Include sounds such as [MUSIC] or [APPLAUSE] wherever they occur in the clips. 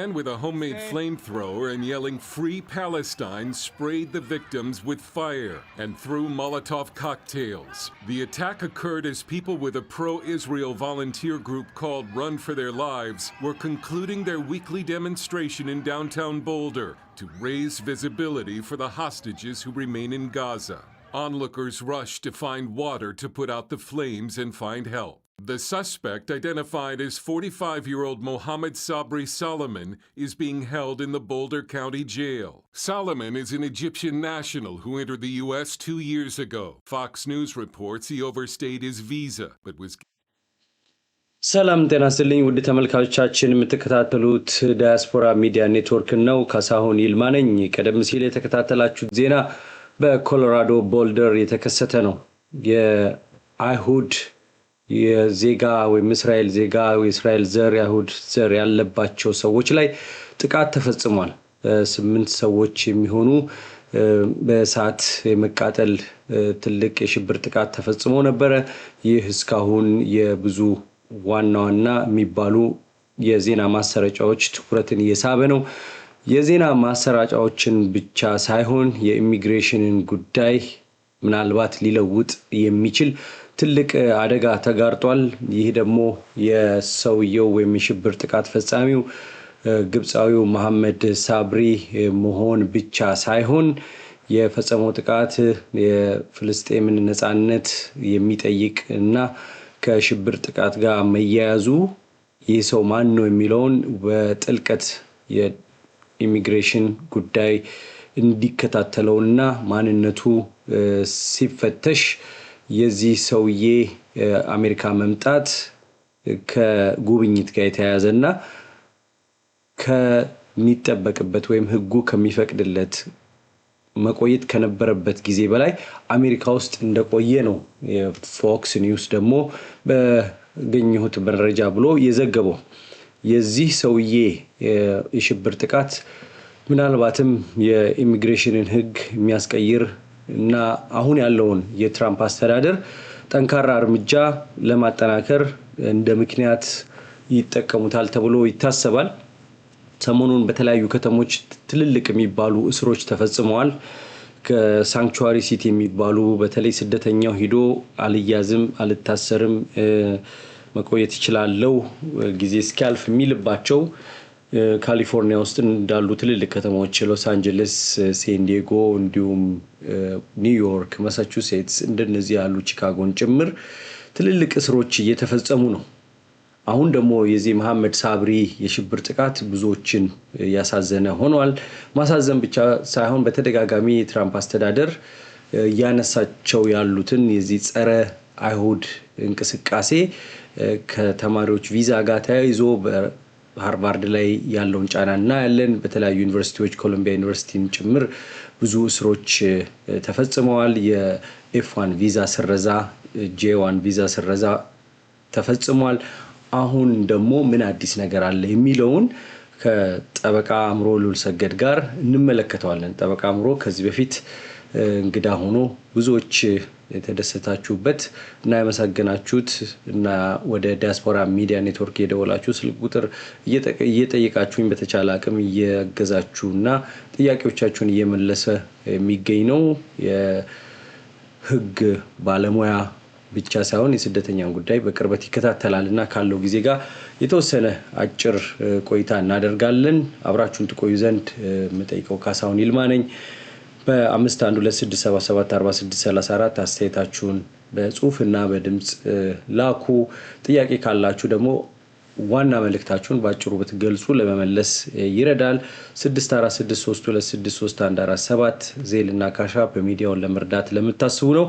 man with a homemade flamethrower and yelling Free Palestine sprayed the victims with fire and threw Molotov cocktails. The attack occurred as people with a pro Israel volunteer group called Run for Their Lives were concluding their weekly demonstration in downtown Boulder to raise visibility for the hostages who remain in Gaza. Onlookers rushed to find water to put out the flames and find help. The suspect, identified as 45 year old Mohammed Sabri Solomon, is being held in the Boulder County Jail. Solomon is an Egyptian national who entered the U.S. two years ago. Fox News reports he overstayed his visa but was ሰላም ጤና ስልኝ ውድ ተመልካቾቻችን የምትከታተሉት ዳያስፖራ ሚዲያ ኔትወርክ ነው። ካሳሁን ይልማ ነኝ። ቀደም ሲል የተከታተላችሁት ዜና በኮሎራዶ ቦልደር የተከሰተ ነው። የአይሁድ የዜጋ ወይም እስራኤል ዜጋ የእስራኤል ዘር የአይሁድ ዘር ያለባቸው ሰዎች ላይ ጥቃት ተፈጽሟል። ስምንት ሰዎች የሚሆኑ በእሳት የመቃጠል ትልቅ የሽብር ጥቃት ተፈጽሞ ነበረ። ይህ እስካሁን የብዙ ዋና ዋና የሚባሉ የዜና ማሰራጫዎች ትኩረትን እየሳበ ነው። የዜና ማሰራጫዎችን ብቻ ሳይሆን የኢሚግሬሽንን ጉዳይ ምናልባት ሊለውጥ የሚችል ትልቅ አደጋ ተጋርጧል። ይህ ደግሞ የሰውየው ወይም የሽብር ጥቃት ፈጻሚው ግብፃዊው መሐመድ ሳብሪ መሆን ብቻ ሳይሆን የፈጸመው ጥቃት የፍልስጤምን ነፃነት የሚጠይቅ እና ከሽብር ጥቃት ጋር መያያዙ ይህ ሰው ማን ነው የሚለውን በጥልቀት የኢሚግሬሽን ጉዳይ እንዲከታተለው እና ማንነቱ ሲፈተሽ የዚህ ሰውዬ አሜሪካ መምጣት ከጉብኝት ጋር የተያያዘ እና ከሚጠበቅበት ወይም ህጉ ከሚፈቅድለት መቆየት ከነበረበት ጊዜ በላይ አሜሪካ ውስጥ እንደቆየ ነው የፎክስ ኒውስ ደግሞ በገኘሁት መረጃ ብሎ የዘገበው። የዚህ ሰውዬ የሽብር ጥቃት ምናልባትም የኢሚግሬሽንን ህግ የሚያስቀይር እና አሁን ያለውን የትራምፕ አስተዳደር ጠንካራ እርምጃ ለማጠናከር እንደ ምክንያት ይጠቀሙታል ተብሎ ይታሰባል። ሰሞኑን በተለያዩ ከተሞች ትልልቅ የሚባሉ እስሮች ተፈጽመዋል። ከሳንክቹዋሪ ሲቲ የሚባሉ በተለይ ስደተኛው ሂዶ አልያዝም፣ አልታሰርም፣ መቆየት ይችላለው ጊዜ እስኪያልፍ የሚልባቸው ካሊፎርኒያ ውስጥ እንዳሉ ትልልቅ ከተማዎች ሎስ አንጀለስ፣ ሴንዲጎ እንዲሁም ኒውዮርክ፣ ማሳቹሴትስ እንደነዚህ ያሉ ቺካጎን ጭምር ትልልቅ እስሮች እየተፈጸሙ ነው። አሁን ደግሞ የዚህ መሐመድ ሳብሪ የሽብር ጥቃት ብዙዎችን ያሳዘነ ሆኗል። ማሳዘን ብቻ ሳይሆን በተደጋጋሚ የትራምፕ አስተዳደር እያነሳቸው ያሉትን የዚህ ጸረ አይሁድ እንቅስቃሴ ከተማሪዎች ቪዛ ጋር ተያይዞ ሃርቫርድ ላይ ያለውን ጫና እናያለን። በተለያዩ ዩኒቨርሲቲዎች ኮሎምቢያ ዩኒቨርሲቲን ጭምር ብዙ እስሮች ተፈጽመዋል። የኤፍዋን ቪዛ ስረዛ፣ ጄዋን ቪዛ ስረዛ ተፈጽሟል። አሁን ደግሞ ምን አዲስ ነገር አለ የሚለውን ከጠበቃ አእምሮ ሰገድ ጋር እንመለከተዋለን። ጠበቃ አእምሮ ከዚህ በፊት እንግዳ ሆኖ ብዙዎች የተደሰታችሁበት እና ያመሰገናችሁት እና ወደ ዲያስፖራ ሚዲያ ኔትወርክ የደወላችሁ ስልክ ቁጥር እየጠየቃችሁኝ በተቻለ አቅም እየገዛችሁ እና ጥያቄዎቻችሁን እየመለሰ የሚገኝ ነው። የህግ ባለሙያ ብቻ ሳይሆን የስደተኛን ጉዳይ በቅርበት ይከታተላል እና ካለው ጊዜ ጋር የተወሰነ አጭር ቆይታ እናደርጋለን። አብራችሁን ትቆዩ ዘንድ የምጠይቀው ካሳሁን ይልማ ነኝ። በአምስት አንድ ሁለት ስድስት ሰባ ሰባት አርባ ስድስት ሰላሳ አራት አስተያየታችሁን በጽሁፍና በድምፅ ላኩ። ጥያቄ ካላችሁ ደግሞ ዋና መልእክታችሁን በአጭሩ ብትገልጹ ለመመለስ ይረዳል። 6463263147 ዜል እና ካሻፕ በሚዲያውን ለመርዳት ለምታስቡ ነው።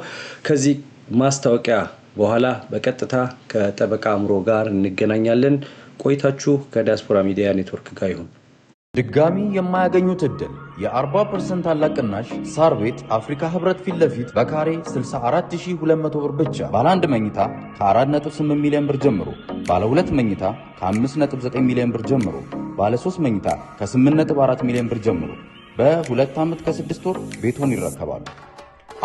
ከዚህ ማስታወቂያ በኋላ በቀጥታ ከጠበቃ አእምሮ ጋር እንገናኛለን። ቆይታችሁ ከዲያስፖራ ሚዲያ ኔትወርክ ጋር ይሁን። ድጋሚ የማያገኙት እድል የ40 ታላቅ ቅናሽ ሳር ቤት አፍሪካ ህብረት ፊት ለፊት በካሬ 64200 ብር ብቻ። ባለ አንድ መኝታ ከ48 ሚሊዮን ብር ጀምሮ፣ ባለ ሁለት መኝታ ከ59 ሚሊዮን ብር ጀምሮ፣ ባለ 3 መኝታ ከ84 ሚሊዮን ብር ጀምሮ በሁለት ዓመት ከስድስት ወር ቤቶን ይረከባሉ።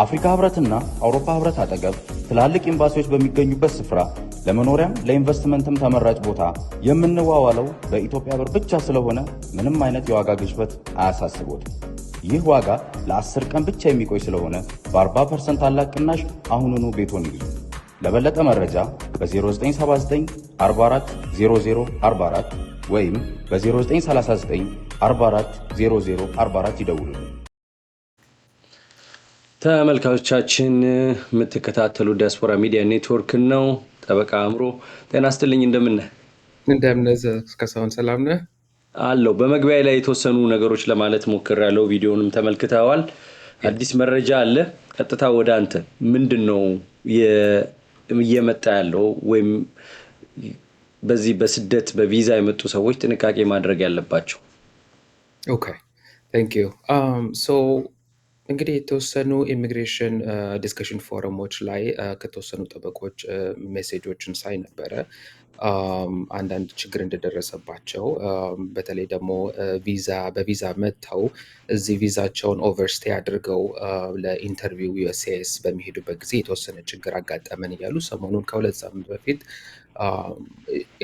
አፍሪካ ህብረትና አውሮፓ ህብረት አጠገብ ትላልቅ ኤምባሲዎች በሚገኙበት ስፍራ ለመኖሪያም ለኢንቨስትመንትም ተመራጭ ቦታ የምንዋዋለው በኢትዮጵያ ብር ብቻ ስለሆነ ምንም አይነት የዋጋ ግሽበት አያሳስቦት። ይህ ዋጋ ለአስር ቀን ብቻ የሚቆይ ስለሆነ በ40 ፐርሰንት ታላቅ ቅናሽ አሁኑኑ ቤቶን ይዙ። ለበለጠ መረጃ በ 0979 44 ወይም በ 0939 44 ይደውሉልን። ተመልካቾቻችን የምትከታተሉ ዲያስፖራ ሚዲያ ኔትወርክ ነው። ጠበቃ አእምሮ ጤና ስትልኝ እንደምነ እንደምነ እስከሰውን ሰላም ነ አለው። በመግቢያ ላይ የተወሰኑ ነገሮች ለማለት ያለው ቪዲዮንም ተመልክተዋል። አዲስ መረጃ አለ። ቀጥታ ወደ አንተ ምንድን ነው እየመጣ ያለው ወይም በዚህ በስደት በቪዛ የመጡ ሰዎች ጥንቃቄ ማድረግ ያለባቸው? ኦኬ ቴንክ ዩ እንግዲህ የተወሰኑ ኢሚግሬሽን ዲስከሽን ፎረሞች ላይ ከተወሰኑ ጠበቆች ሜሴጆችን ሳይ ነበረ አንዳንድ ችግር እንደደረሰባቸው በተለይ ደግሞ ቪዛ በቪዛ መጥተው እዚህ ቪዛቸውን ኦቨርስቴ አድርገው ለኢንተርቪው ዩኤስኤስ በሚሄዱበት ጊዜ የተወሰነ ችግር አጋጠመን እያሉ ሰሞኑን ከሁለት ሳምንት በፊት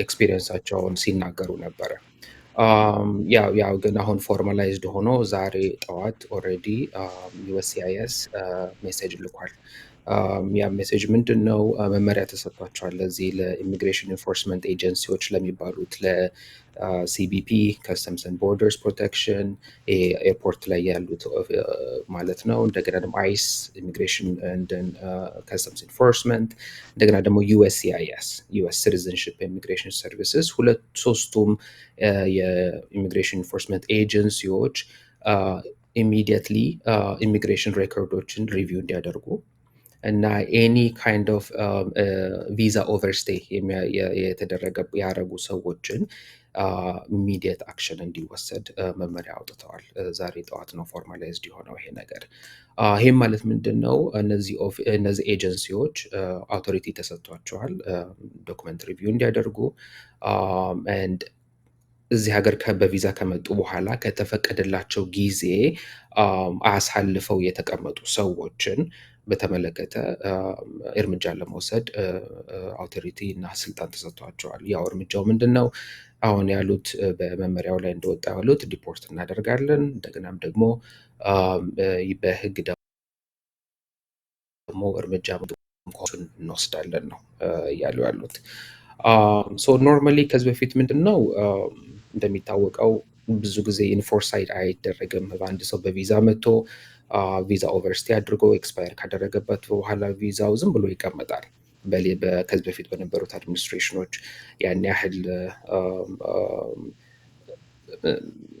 ኤክስፒሪየንሳቸውን ሲናገሩ ነበረ። ያው ግን አሁን ፎርማላይዝድ ሆኖ ዛሬ ጠዋት ኦልሬዲ ዩኤስሲአይኤስ ሜሴጅ ልኳል። Um, ያ ሜሴጅ ምንድን ነው? መመሪያ ተሰጥቷቸዋል። ለዚህ ለኢሚግሬሽን ኢንፎርስመንት ኤጀንሲዎች ለሚባሉት ለሲቢፒ ከስተምሰን ቦርደርስ ፕሮቴክሽን ኤርፖርት ላይ ያሉት uh, ማለት ነው። እንደገና ደግሞ አይስ ኢሚግሬሽን ከስተምስ ኢንፎርስመንት፣ uh, እንደገና ደግሞ ዩኤስሲአይኤስ ዩኤስ ሲቲዝንሽፕ ኢሚግሬሽን ሰርቪስስ፣ ሁለት ሶስቱም uh, የኢሚግሬሽን ኢንፎርስመንት ኤጀንሲዎች ኢሚዲየትሊ ኢሚግሬሽን ሬኮርዶችን ሪቪው እንዲያደርጉ እና ኤኒ ካይንድ ኦፍ ቪዛ ኦቨርስቴ የተደረገ ያደረጉ ሰዎችን ኢሚዲየት uh, አክሽን እንዲወሰድ uh, መመሪያ አውጥተዋል። uh, ዛሬ ጠዋት ነው ፎርማላይዝድ የሆነው ይሄ ነገር። ይህም ማለት ምንድን ነው? እነዚህ ኤጀንሲዎች አውቶሪቲ ተሰጥቷቸዋል ዶክመንት ሪቪው እንዲያደርጉ um, እዚህ ሀገር በቪዛ ከመጡ በኋላ ከተፈቀደላቸው ጊዜ um, አሳልፈው የተቀመጡ ሰዎችን በተመለከተ እርምጃ ለመውሰድ አውቶሪቲ እና ስልጣን ተሰጥቷቸዋል። ያው እርምጃው ምንድን ነው? አሁን ያሉት በመመሪያው ላይ እንደወጣ ያሉት ዲፖርት እናደርጋለን። እንደገናም ደግሞ በህግ ደግሞ እርምጃ እንወስዳለን ነው እያሉ ያሉት። ሶ ኖርማሊ ከዚህ በፊት ምንድን ነው እንደሚታወቀው ብዙ ጊዜ ኢንፎርሳይድ አይደረግም። በአንድ ሰው በቪዛ መጥቶ ቪዛ ኦቨርስቲ አድርጎ ኤክስፓየር ካደረገበት በኋላ ቪዛው ዝም ብሎ ይቀመጣል። ከዚህ በፊት በነበሩት አድሚኒስትሬሽኖች ያን ያህል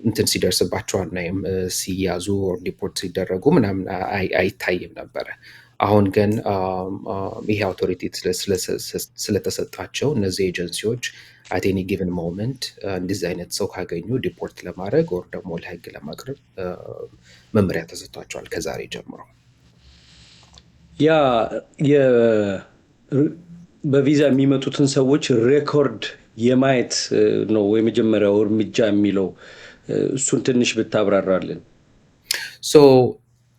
እንትን ሲደርስባቸው አናይም። ሲያዙ ዲፖርት ሲደረጉ ምናምን አይታይም ነበረ። አሁን ግን ይሄ አውቶሪቲ ስለተሰጣቸው እነዚህ ኤጀንሲዎች አቴኒ ጊቨን ሞመንት እንደዚህ አይነት ሰው ካገኙ ዲፖርት ለማድረግ ወር ደግሞ ለህግ ለማቅረብ uh, መመሪያ ተሰጥቷቸዋል ከዛሬ ጀምሮ። ያ በቪዛ የሚመጡትን ሰዎች ሬኮርድ የማየት uh, ነው የመጀመሪያው እርምጃ የሚለው uh, እሱን ትንሽ ብታብራራልን።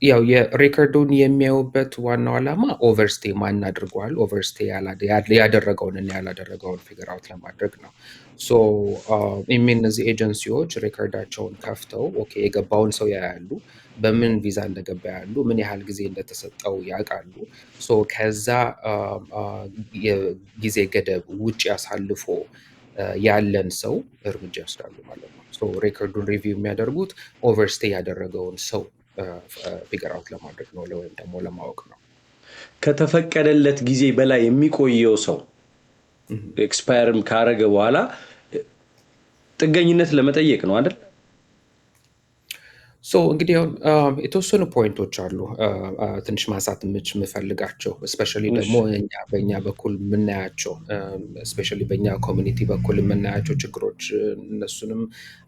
ያው የሪከርዱን የሚያዩበት ዋናው ዓላማ ኦቨርስቴ ማን አድርጓል፣ ኦቨርስቴ እና ያላደረገውን ፊገር አውት ለማድረግ ነው። ሶ እነዚህ ኤጀንሲዎች ሪከርዳቸውን ከፍተው ኦኬ የገባውን ሰው ያያሉ፣ በምን ቪዛ እንደገባ ያሉ፣ ምን ያህል ጊዜ እንደተሰጠው ያውቃሉ። ሶ ከዛ የጊዜ ገደብ ውጭ አሳልፎ ያለን ሰው እርምጃ ይወስዳሉ ማለት ነው። ሪከርዱን ሪቪው የሚያደርጉት ኦቨርስቴ ያደረገውን ሰው ፊገር አውት ለማድረግ ነው ወይም ደግሞ ለማወቅ ነው። ከተፈቀደለት ጊዜ በላይ የሚቆየው ሰው ኤክስፓየርም ካረገ በኋላ ጥገኝነት ለመጠየቅ ነው አይደል? እንግዲህ አሁን um, የተወሰኑ ፖይንቶች አሉ uh, uh, ትንሽ ማንሳት ምች የምፈልጋቸው እስፔሻሊ ደግሞ በእኛ በኩል የምናያቸው እስፔሻሊ um, በእኛ ኮሚኒቲ በኩል የምናያቸው ችግሮች እነሱንም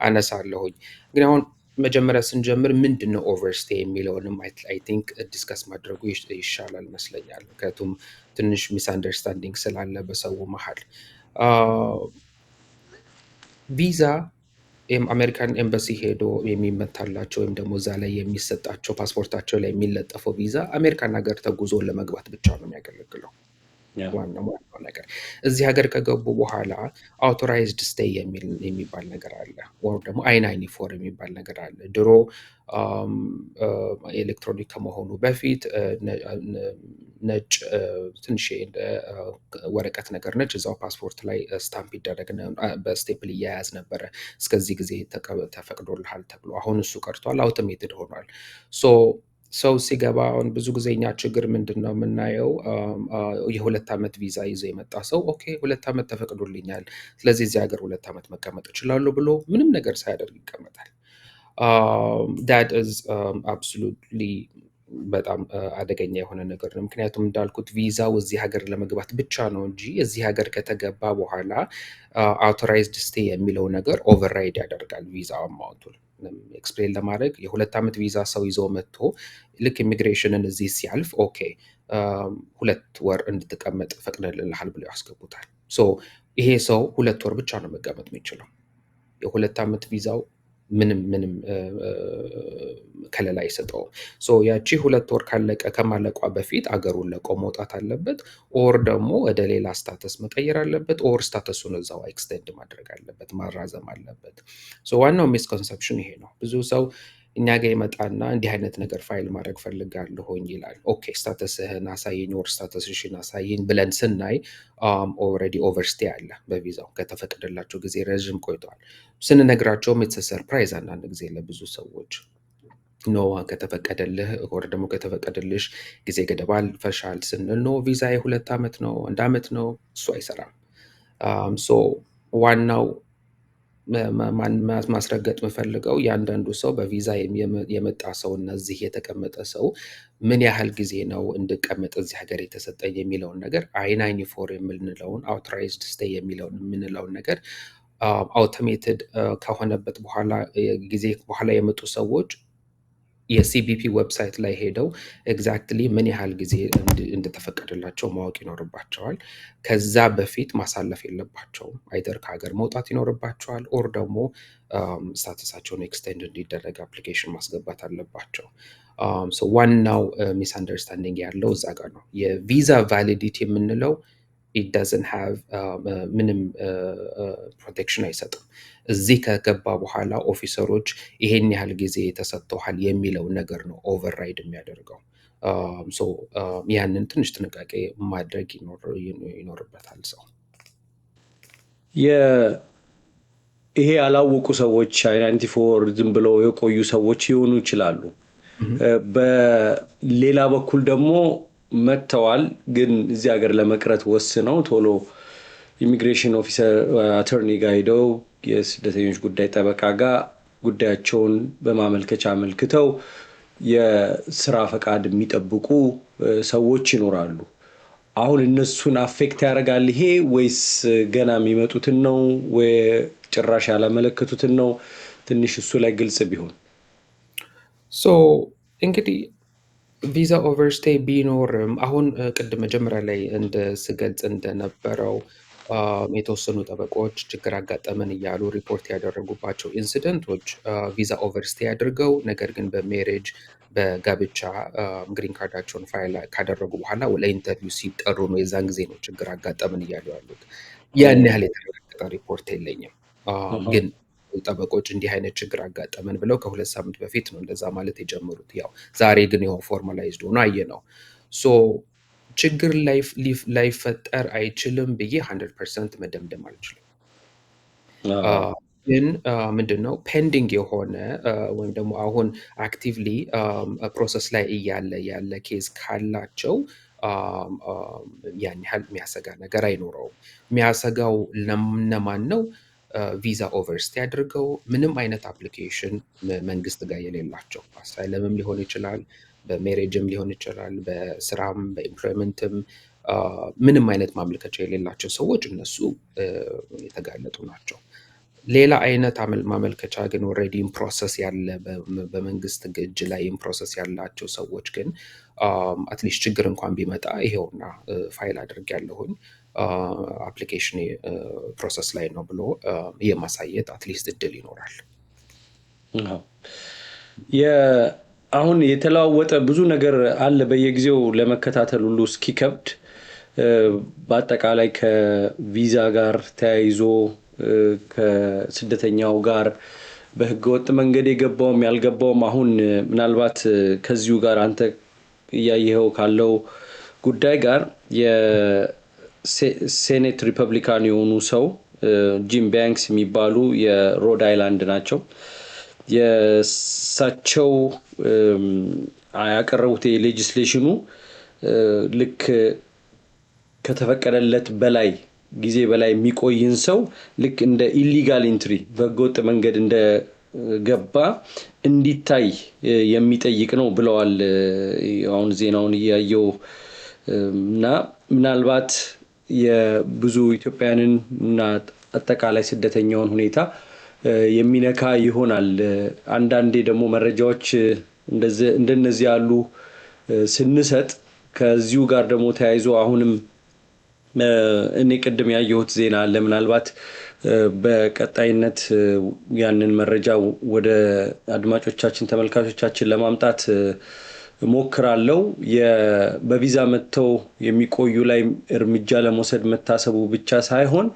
አነሳለሁኝ። እንግዲህ አሁን መጀመሪያ ስንጀምር ምንድን ነው ኦቨርስቴ የሚለውንም አይ ቲንክ ዲስከስ ማድረጉ ይሻላል መስለኛል ምክንያቱም ትንሽ ሚስ አንደርስታንዲንግ ስላለ በሰው መሀል ቪዛ አሜሪካን ኤምባሲ ሄዶ የሚመታላቸው ወይም ደግሞ እዛ ላይ የሚሰጣቸው ፓስፖርታቸው ላይ የሚለጠፈው ቪዛ አሜሪካን ሀገር ተጉዞ ለመግባት ብቻ ነው የሚያገለግለው። ዋና ዋናው ነገር እዚህ ሀገር ከገቡ በኋላ አውቶራይዝድ ስቴይ የሚባል ነገር አለ፣ ወይም ደግሞ አይናይኒ ፎር የሚባል ነገር አለ። ድሮ ኤሌክትሮኒክ ከመሆኑ በፊት ነጭ ትንሽ ወረቀት ነገር ነች፣ እዛው ፓስፖርት ላይ ስታምፕ ይደረግ በስቴፕል እያያዝ ነበረ። እስከዚህ ጊዜ ተፈቅዶልሃል ተብሎ አሁን እሱ ቀርቷል፣ አውቶሜትድ ሆኗል። ሶ ሰው ሲገባ አሁን ብዙ ጊዜ እኛ ችግር ምንድን ነው የምናየው? የሁለት ዓመት ቪዛ ይዞ የመጣ ሰው ኦኬ፣ ሁለት ዓመት ተፈቅዶልኛል፣ ስለዚህ እዚህ ሀገር ሁለት ዓመት መቀመጥ እችላለሁ ብሎ ምንም ነገር ሳያደርግ ይቀመጣል። ዳት ኢዝ አብሶሉትሊ በጣም አደገኛ የሆነ ነገር ነው። ምክንያቱም እንዳልኩት ቪዛው እዚህ ሀገር ለመግባት ብቻ ነው እንጂ እዚህ ሀገር ከተገባ በኋላ አውቶራይዝድ ስቴ የሚለው ነገር ኦቨርራይድ ያደርጋል ቪዛ አማውንቱን ኤክስፕሌን ለማድረግ የሁለት ዓመት ቪዛ ሰው ይዞ መጥቶ ልክ ኢሚግሬሽንን እዚህ ሲያልፍ ኦኬ ሁለት ወር እንድትቀመጥ ፈቅደልልሃል ብለው ያስገቡታል። ይሄ ሰው ሁለት ወር ብቻ ነው መቀመጥ የሚችለው። የሁለት ዓመት ቪዛው ምንም ምንም ከለላ አይሰጠውም። ሶ ያቺ ሁለት ወር ካለቀ ከማለቋ በፊት አገሩን ለቆ መውጣት አለበት፣ ኦር ደግሞ ወደ ሌላ ስታተስ መቀየር አለበት፣ ኦር ስታተሱን እዛው ኤክስቴንድ ማድረግ አለበት፣ ማራዘም አለበት። ዋናው ሚስኮንሰፕሽን ይሄ ነው። ብዙ ሰው እኛ ጋር ይመጣና እንዲህ አይነት ነገር ፋይል ማድረግ ፈልጋለሁኝ ይላል። ኦኬ ስታተስህን አሳይኝ፣ ወር ስታተስሽን አሳይኝ ብለን ስናይ ኦልሬዲ ኦቨርስቲ አለ። በቪዛው ከተፈቀደላቸው ጊዜ ረዥም ቆይተዋል። ስንነግራቸውም የተሰ ሰርፕራይዝ አንዳንድ ጊዜ ለብዙ ሰዎች ኖ ከተፈቀደልህ ወር ደግሞ ከተፈቀደልሽ ጊዜ ገደባ አልፈሻል ስንል ኖ ቪዛ የሁለት ዓመት ነው አንድ ዓመት ነው እሱ አይሰራም። ሶ ዋናው ማስረገጥ የምፈልገው እያንዳንዱ ሰው በቪዛ የመጣ ሰው እና እዚህ የተቀመጠ ሰው ምን ያህል ጊዜ ነው እንድቀመጥ እዚህ ሀገር የተሰጠኝ የሚለውን ነገር አይ ፎር የምንለውን አውቶራይዝድ ስቴይ የሚለውን የምንለውን ነገር አውቶሜትድ ከሆነበት በኋላ ጊዜ በኋላ የመጡ ሰዎች የሲቢፒ ዌብሳይት ላይ ሄደው ኤግዛክትሊ ምን ያህል ጊዜ እንደተፈቀደላቸው ማወቅ ይኖርባቸዋል። ከዛ በፊት ማሳለፍ የለባቸውም። አይደር ከሀገር መውጣት ይኖርባቸዋል ኦር ደግሞ ስታተሳቸውን um, ኤክስቴንድ እንዲደረግ አፕሊኬሽን ማስገባት አለባቸው። um, ዋናው ሚስ uh, አንደርስታንዲንግ ያለው እዛ ጋር ነው። የቪዛ ቫሊዲቲ የምንለው ኢት ዳዝንት ሃቭ ምንም ፕሮቴክሽን uh, uh, አይሰጥም። እዚህ ከገባ በኋላ ኦፊሰሮች ይሄን ያህል ጊዜ ተሰጥተዋል የሚለው ነገር ነው ኦቨርራይድ የሚያደርገው። ያንን ትንሽ ጥንቃቄ ማድረግ ይኖርበታል ሰው። ይሄ ያላወቁ ሰዎች አይናንቲፎር ዝም ብለው የቆዩ ሰዎች ሊሆኑ ይችላሉ። በሌላ በኩል ደግሞ መጥተዋል፣ ግን እዚህ ሀገር ለመቅረት ወስነው ቶሎ ኢሚግሬሽን ኦፊሰር አተርኒ ጋር ሄደው የስደተኞች ጉዳይ ጠበቃ ጋር ጉዳያቸውን በማመልከቻ አመልክተው የስራ ፈቃድ የሚጠብቁ ሰዎች ይኖራሉ። አሁን እነሱን አፌክት ያደርጋል ይሄ ወይስ ገና የሚመጡትን ነው ወይ ጭራሽ ያላመለከቱትን ነው? ትንሽ እሱ ላይ ግልጽ ቢሆን። እንግዲህ ቪዛ ኦቨርስቴይ ቢኖርም አሁን ቅድም መጀመሪያ ላይ እንደ ስገልጽ እንደነበረው የተወሰኑ ጠበቆች ችግር አጋጠመን እያሉ ሪፖርት ያደረጉባቸው ኢንሲደንቶች ቪዛ ኦቨርስቴ አድርገው ነገር ግን በሜሬጅ በጋብቻ ግሪን ካርዳቸውን ፋይል ካደረጉ በኋላ ለኢንተርቪው ሲጠሩ ነው። የዛን ጊዜ ነው ችግር አጋጠምን እያሉ ያሉት። ያን ያህል የተረጋገጠ ሪፖርት የለኝም፣ ግን ጠበቆች እንዲህ አይነት ችግር አጋጠመን ብለው ከሁለት ሳምንት በፊት ነው እንደዛ ማለት የጀመሩት። ያው ዛሬ ግን ይኸው ፎርማላይዝድ ሆኖ አየ ነው ሶ ችግር ላይፈጠር አይችልም ብዬ ሀንድረድ ፐርሰንት መደምደም አልችልም። ግን ምንድን ነው ፔንዲንግ የሆነ ወይም ደግሞ አሁን አክቲቭሊ ፕሮሰስ ላይ እያለ ያለ ኬዝ ካላቸው ያን ያህል የሚያሰጋ ነገር አይኖረውም። የሚያሰጋው ለነማን ነው? ቪዛ ኦቨርስቲ አድርገው ምንም አይነት አፕሊኬሽን መንግስት ጋር የሌላቸው አሳይለምም ሊሆን ይችላል በሜሬጅም ሊሆን ይችላል፣ በስራም በኤምፕሎይመንትም ምንም አይነት ማመልከቻ የሌላቸው ሰዎች እነሱ የተጋለጡ ናቸው። ሌላ አይነት ማመልከቻ ግን ኦልሬዲ ፕሮሰስ ያለ በመንግስት እጅ ላይ ፕሮሰስ ያላቸው ሰዎች ግን አትሊስት ችግር እንኳን ቢመጣ ይሄውና ፋይል አድርግ ያለሁኝ አፕሊኬሽን ፕሮሰስ ላይ ነው ብሎ የማሳየት አትሊስት እድል ይኖራል። አሁን የተለዋወጠ ብዙ ነገር አለ በየጊዜው ለመከታተል ሁሉ እስኪከብድ በአጠቃላይ ከቪዛ ጋር ተያይዞ ከስደተኛው ጋር በህገወጥ መንገድ የገባውም ያልገባውም አሁን ምናልባት ከዚሁ ጋር አንተ እያየኸው ካለው ጉዳይ ጋር የሴኔት ሪፐብሊካን የሆኑ ሰው ጂም ባንክስ የሚባሉ የሮድ አይላንድ ናቸው የእሳቸው ያቀረቡት የሌጅስሌሽኑ ልክ ከተፈቀደለት በላይ ጊዜ በላይ የሚቆይን ሰው ልክ እንደ ኢሊጋል ኢንትሪ በህገወጥ መንገድ እንደገባ እንዲታይ የሚጠይቅ ነው ብለዋል። አሁን ዜናውን እያየው እና ምናልባት የብዙ ኢትዮጵያውያንን እና አጠቃላይ ስደተኛውን ሁኔታ የሚነካ ይሆናል። አንዳንዴ ደግሞ መረጃዎች እንደነዚህ ያሉ ስንሰጥ ከዚሁ ጋር ደግሞ ተያይዞ አሁንም እኔ ቅድም ያየሁት ዜና አለ። ምናልባት በቀጣይነት ያንን መረጃ ወደ አድማጮቻችን ተመልካቾቻችን ለማምጣት ሞክራለው። በቪዛ መጥተው የሚቆዩ ላይ እርምጃ ለመውሰድ መታሰቡ ብቻ ሳይሆን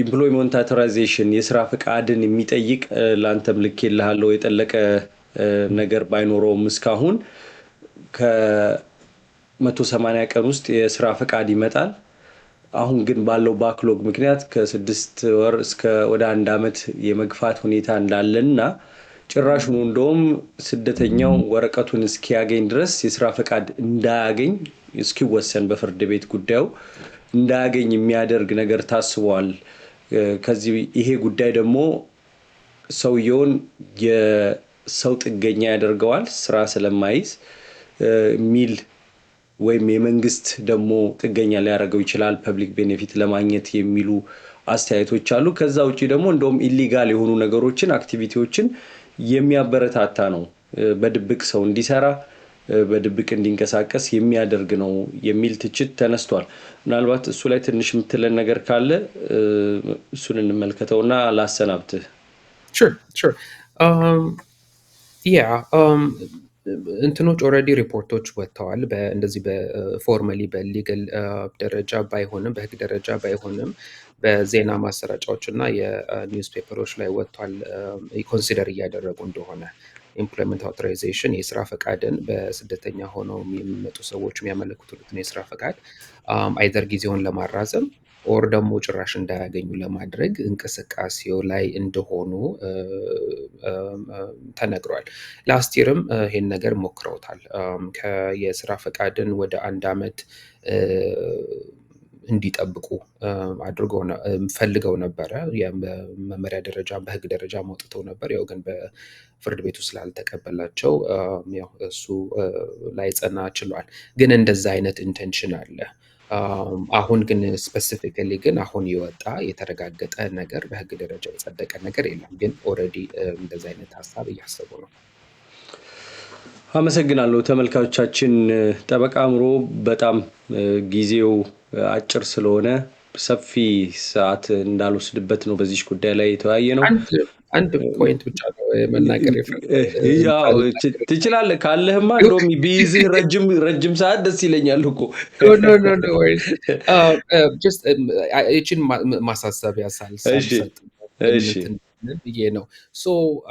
ኢምፕሎይመንት አውቶራይዜሽን የስራ ፈቃድን የሚጠይቅ ለአንተም ልኬልሃለሁ የጠለቀ ነገር ባይኖረውም እስካሁን ከመቶ ሰማንያ ቀን ውስጥ የስራ ፈቃድ ይመጣል። አሁን ግን ባለው ባክሎግ ምክንያት ከስድስት ወር እስከ ወደ አንድ ዓመት የመግፋት ሁኔታ እንዳለና ጭራሹኑ እንደውም ስደተኛው ወረቀቱን እስኪያገኝ ድረስ የስራ ፈቃድ እንዳያገኝ እስኪወሰን በፍርድ ቤት ጉዳዩ እንዳያገኝ የሚያደርግ ነገር ታስቧል። ከዚህ ይሄ ጉዳይ ደግሞ ሰውየውን የሰው ጥገኛ ያደርገዋል፣ ስራ ስለማይዝ ሚል ወይም የመንግስት ደግሞ ጥገኛ ሊያደርገው ይችላል ፐብሊክ ቤኔፊት ለማግኘት የሚሉ አስተያየቶች አሉ። ከዛ ውጭ ደግሞ እንደውም ኢሊጋል የሆኑ ነገሮችን አክቲቪቲዎችን የሚያበረታታ ነው። በድብቅ ሰው እንዲሰራ በድብቅ እንዲንቀሳቀስ የሚያደርግ ነው የሚል ትችት ተነስቷል። ምናልባት እሱ ላይ ትንሽ የምትለን ነገር ካለ እሱን እንመልከተውና ላሰናብትህ። ያ um, um, እንትኖች ኦልሬዲ ሪፖርቶች ወጥተዋል። እንደዚህ በፎርማሊ በሊገል ደረጃ ባይሆንም በህግ ደረጃ ባይሆንም በዜና ማሰራጫዎች እና የኒውስፔፐሮች ላይ ወጥቷል። ኮንሲደር እያደረጉ እንደሆነ ኢምፕሎይመንት አውቶራይዜሽን የስራ ፈቃድን በስደተኛ ሆነው የሚመጡ ሰዎች የሚያመለክቱትን የስራ ፈቃድ አይዘር um, ጊዜውን ለማራዘም ኦር ደግሞ ጭራሽ እንዳያገኙ ለማድረግ እንቅስቃሴው ላይ እንደሆኑ uh, um, uh, ተነግሯል። ላስት ይርም uh, ይሄን ነገር ሞክረውታል። um, የስራ ፈቃድን ወደ አንድ አመት እንዲጠብቁ አድርጎ ፈልገው ነበረ። በመመሪያ ደረጃ በህግ ደረጃ መውጥተው ነበር። ያው ግን በፍርድ ቤቱ ስላልተቀበላቸው ያው እሱ ላይ ጸና ችሏል። ግን እንደዛ አይነት ኢንቴንሽን አለ። አሁን ግን ስፔሲፊካሊ ግን አሁን የወጣ የተረጋገጠ ነገር በህግ ደረጃ የጸደቀ ነገር የለም። ግን ኦልሬዲ እንደዚ አይነት ሀሳብ እያሰቡ ነው። አመሰግናለሁ ተመልካቾቻችን። ጠበቃ አምሮ በጣም ጊዜው አጭር ስለሆነ ሰፊ ሰዓት እንዳልወስድበት ነው በዚች ጉዳይ ላይ የተወያየ ነው። አንድ ፖይንት ብቻ ነው መናገር ትችላለህ። ካለህማ እንደውም ቢይዝህ ረጅም ሰዓት ደስ ይለኛል እኮ ይችን ማሳሰቢያ ሳልሰጥ ብዬ ነው።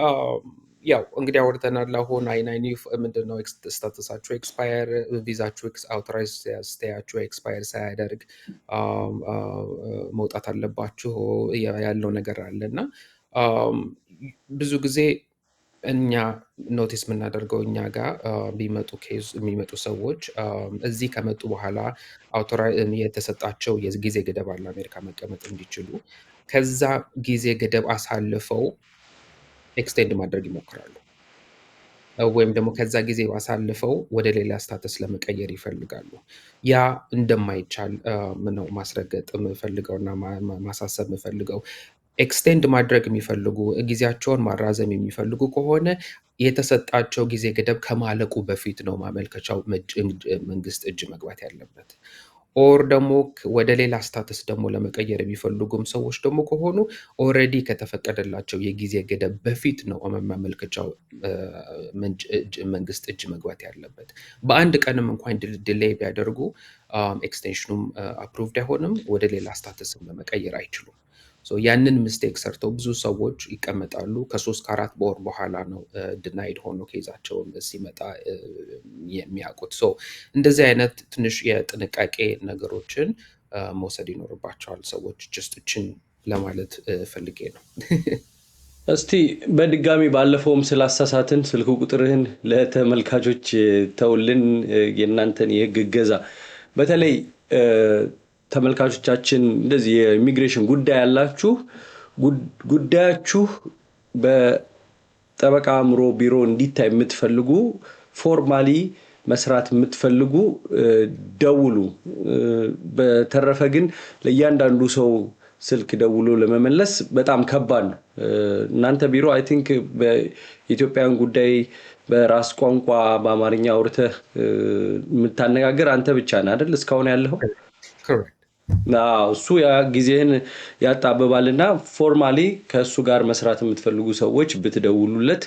um, ያው እንግዲህ አውርተናል። አሁን አይናይን ምንድን ነው ስታተሳችሁ ኤክስፓየር ቪዛችሁ አውቶራይዝ ስቴያችሁ ኤክስፓየር ሳያደርግ መውጣት አለባችሁ ያለው ነገር አለ እና ብዙ ጊዜ እኛ ኖቲስ የምናደርገው እኛ ጋር የሚመጡ ኬዝ የሚመጡ ሰዎች እዚህ ከመጡ በኋላ የተሰጣቸው የጊዜ ገደብ አለ አሜሪካ መቀመጥ እንዲችሉ ከዛ ጊዜ ገደብ አሳልፈው ኤክስቴንድ ማድረግ ይሞክራሉ ወይም ደግሞ ከዛ ጊዜ አሳልፈው ወደ ሌላ ስታተስ ለመቀየር ይፈልጋሉ። ያ እንደማይቻል ነው ማስረገጥ እና ማሳሰብ የምፈልገው። ኤክስቴንድ ማድረግ የሚፈልጉ ጊዜያቸውን ማራዘም የሚፈልጉ ከሆነ የተሰጣቸው ጊዜ ገደብ ከማለቁ በፊት ነው ማመልከቻው መንግስት እጅ መግባት ያለበት። ኦር ደግሞ ወደ ሌላ ስታትስ ደግሞ ለመቀየር የሚፈልጉም ሰዎች ደግሞ ከሆኑ ኦልሬዲ ከተፈቀደላቸው የጊዜ ገደብ በፊት ነው መመልከቻው መንግስት እጅ መግባት ያለበት። በአንድ ቀንም እንኳን ድሌይ ቢያደርጉ ኤክስቴንሽኑም አፕሩቭድ አይሆንም፣ ወደ ሌላ ስታትስም ለመቀየር አይችሉም። ያንን ምስቴክ ሰርተው ብዙ ሰዎች ይቀመጣሉ። ከሶስት ከአራት በወር በኋላ ነው ድናይድ ሆኖ ኬዛቸውን ሲመጣ የሚያውቁት። ሶ እንደዚህ አይነት ትንሽ የጥንቃቄ ነገሮችን መውሰድ ይኖርባቸዋል ሰዎች። ጀስት ለማለት ፈልጌ ነው። [LAUGHS] እስቲ በድጋሚ ባለፈውም ስላሳሳትን ስልክ ቁጥርህን ለተመልካቾች ተውልን፣ የእናንተን የህግ እገዛ በተለይ ተመልካቾቻችን እንደዚህ የኢሚግሬሽን ጉዳይ ያላችሁ ጉዳያችሁ በጠበቃ አእምሮ ቢሮ እንዲታይ የምትፈልጉ ፎርማሊ መስራት የምትፈልጉ ደውሉ። በተረፈ ግን ለእያንዳንዱ ሰው ስልክ ደውሎ ለመመለስ በጣም ከባድ ነው። እናንተ ቢሮ አይ ቲንክ በኢትዮጵያን ጉዳይ በራስ ቋንቋ በአማርኛ አውርተህ የምታነጋገር አንተ ብቻ ነህ አይደል? እስካሁን ያለው እሱ ጊዜህን ያጣብባልና ፎርማሊ ከእሱ ጋር መስራት የምትፈልጉ ሰዎች ብትደውሉለት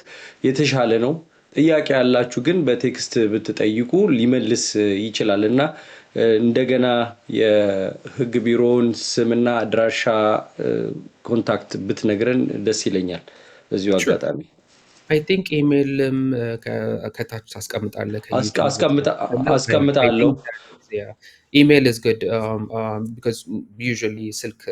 የተሻለ ነው። ጥያቄ ያላችሁ ግን በቴክስት ብትጠይቁ ሊመልስ ይችላል እና እንደገና የህግ ቢሮውን ስምና አድራሻ ኮንታክት ብትነግረን ደስ ይለኛል። በዚሁ አጋጣሚ አይ ቲንክ ኢሜይልም ከታች አስቀምጣለሁ yeah ኢሜይል ኢዝ ግድ ቢካዝ ዩዥዋሊ ስልክ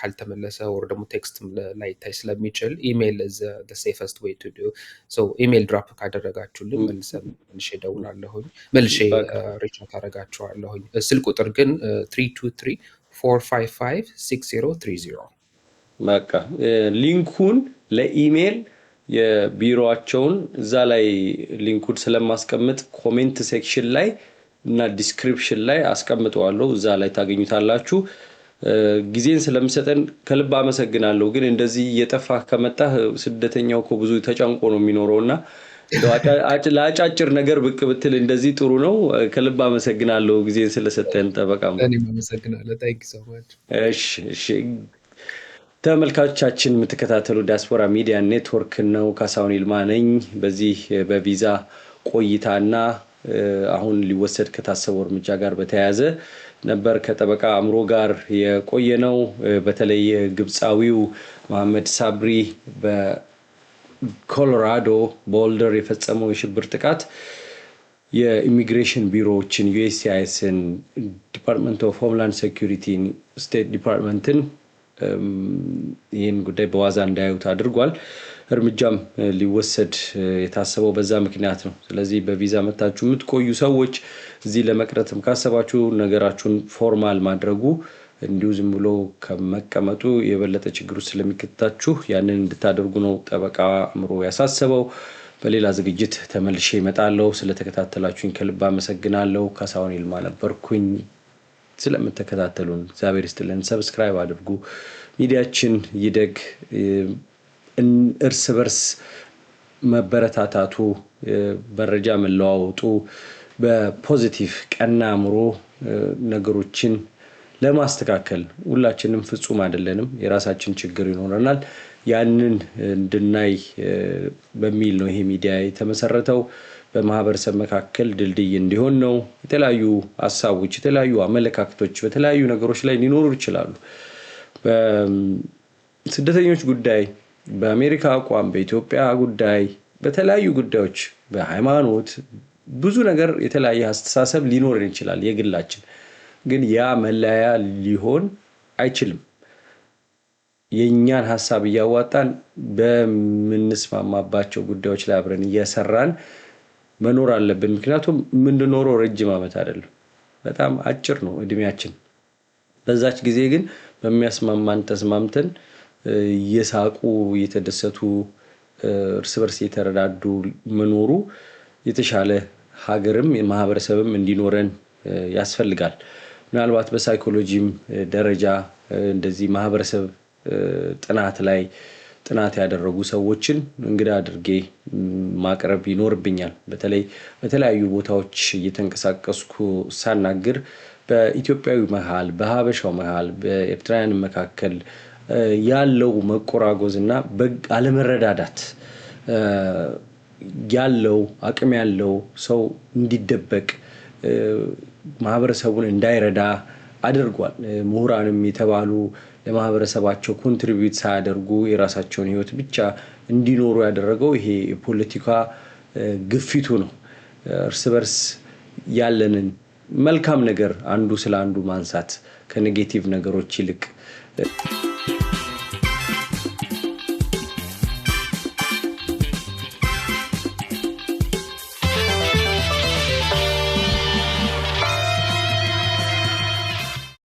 ካልተመለሰ ወር ደግሞ ቴክስት ላይታይ ስለሚችል ኢሜይል ኢዝ ሴፈስት ዌይ ቱ ዱ ሶ ኢሜይል ድራፕ ካደረጋችሁልን mm. መልሰ መልሼ እደውላለሁኝ መልሼ ሪች mm. አውት uh, አደርጋችኋለሁኝ uh, ስልክ ቁጥር ግን ትሪ ቱ ትሪ ፎር በቃ uh, ሊንኩን ለኢሜይል የቢሮቸውን እዛ ላይ ሊንኩን ስለማስቀምጥ ኮሜንት ሴክሽን ላይ እና ዲስክሪፕሽን ላይ አስቀምጠዋለሁ። እዛ ላይ ታገኙታላችሁ። ጊዜን ስለምሰጠን ከልብ አመሰግናለሁ። ግን እንደዚህ እየጠፋ ከመጣ ስደተኛው እኮ ብዙ ተጨንቆ ነው የሚኖረው እና ለአጫጭር ነገር ብቅ ብትል እንደዚህ ጥሩ ነው። ከልብ አመሰግናለሁ ጊዜን ስለሰጠን ጠበቃ። ተመልካቾቻችን የምትከታተሉ ዲያስፖራ ሚዲያ ኔትወርክ ነው። ካሳሁን ይልማ ነኝ። በዚህ በቪዛ ቆይታና አሁን ሊወሰድ ከታሰበው እርምጃ ጋር በተያያዘ ነበር ከጠበቃ አእምሮ ጋር የቆየ ነው። በተለይ ግብፃዊው መሐመድ ሳብሪ በኮሎራዶ ቦልደር የፈጸመው የሽብር ጥቃት የኢሚግሬሽን ቢሮዎችን ዩኤስሲአይስን፣ ዲፓርትመንት ኦፍ ሆምላንድ ሴኩሪቲ፣ ስቴት ዲፓርትመንትን ይህን ጉዳይ በዋዛ እንዳያዩት አድርጓል። እርምጃም ሊወሰድ የታሰበው በዛ ምክንያት ነው። ስለዚህ በቪዛ መታችሁ የምትቆዩ ሰዎች እዚህ ለመቅረትም ካሰባችሁ ነገራችሁን ፎርማል ማድረጉ እንዲሁ ዝም ብሎ ከመቀመጡ የበለጠ ችግር ውስጥ ስለሚከታችሁ ያንን እንድታደርጉ ነው ጠበቃ አእምሮ ያሳሰበው። በሌላ ዝግጅት ተመልሼ እመጣለሁ። ስለተከታተላችሁኝ ከልብ አመሰግናለሁ። ካሳሁን ይልማ ነበርኩኝ። ስለምትከታተሉን እግዚአብሔር ይስጥልን። ሰብስክራይብ አድርጉ። ሚዲያችን ይደግ። እርስ በርስ መበረታታቱ፣ መረጃ መለዋወጡ በፖዚቲቭ ቀና አእምሮ ነገሮችን ለማስተካከል ሁላችንም ፍጹም አይደለንም። የራሳችን ችግር ይኖረናል። ያንን እንድናይ በሚል ነው ይሄ ሚዲያ የተመሰረተው። በማህበረሰብ መካከል ድልድይ እንዲሆን ነው። የተለያዩ ሀሳቦች፣ የተለያዩ አመለካከቶች በተለያዩ ነገሮች ላይ ሊኖሩ ይችላሉ። በስደተኞች ጉዳይ በአሜሪካ አቋም፣ በኢትዮጵያ ጉዳይ፣ በተለያዩ ጉዳዮች፣ በሃይማኖት ብዙ ነገር የተለያየ አስተሳሰብ ሊኖረን ይችላል። የግላችን ግን ያ መለያ ሊሆን አይችልም። የእኛን ሀሳብ እያዋጣን በምንስማማባቸው ጉዳዮች ላይ አብረን እየሰራን መኖር አለብን። ምክንያቱም የምንኖረው ረጅም ዓመት አይደለም፣ በጣም አጭር ነው እድሜያችን። በዛች ጊዜ ግን በሚያስማማን ተስማምተን እየሳቁ እየተደሰቱ እርስ በርስ የተረዳዱ መኖሩ የተሻለ ሀገርም ማህበረሰብም እንዲኖረን ያስፈልጋል። ምናልባት በሳይኮሎጂም ደረጃ እንደዚህ ማህበረሰብ ጥናት ላይ ጥናት ያደረጉ ሰዎችን እንግዳ አድርጌ ማቅረብ ይኖርብኛል። በተለይ በተለያዩ ቦታዎች እየተንቀሳቀስኩ ሳናግር በኢትዮጵያዊ መሃል በሀበሻው መሃል በኤርትራውያን መካከል ያለው መቆራጎዝ እና አለመረዳዳት ያለው አቅም ያለው ሰው እንዲደበቅ ማህበረሰቡን እንዳይረዳ አድርጓል። ምሁራንም የተባሉ ለማህበረሰባቸው ኮንትሪቢዩት ሳያደርጉ የራሳቸውን ህይወት ብቻ እንዲኖሩ ያደረገው ይሄ የፖለቲካ ግፊቱ ነው። እርስ በርስ ያለንን መልካም ነገር አንዱ ስለ አንዱ ማንሳት ከኔጌቲቭ ነገሮች ይልቅ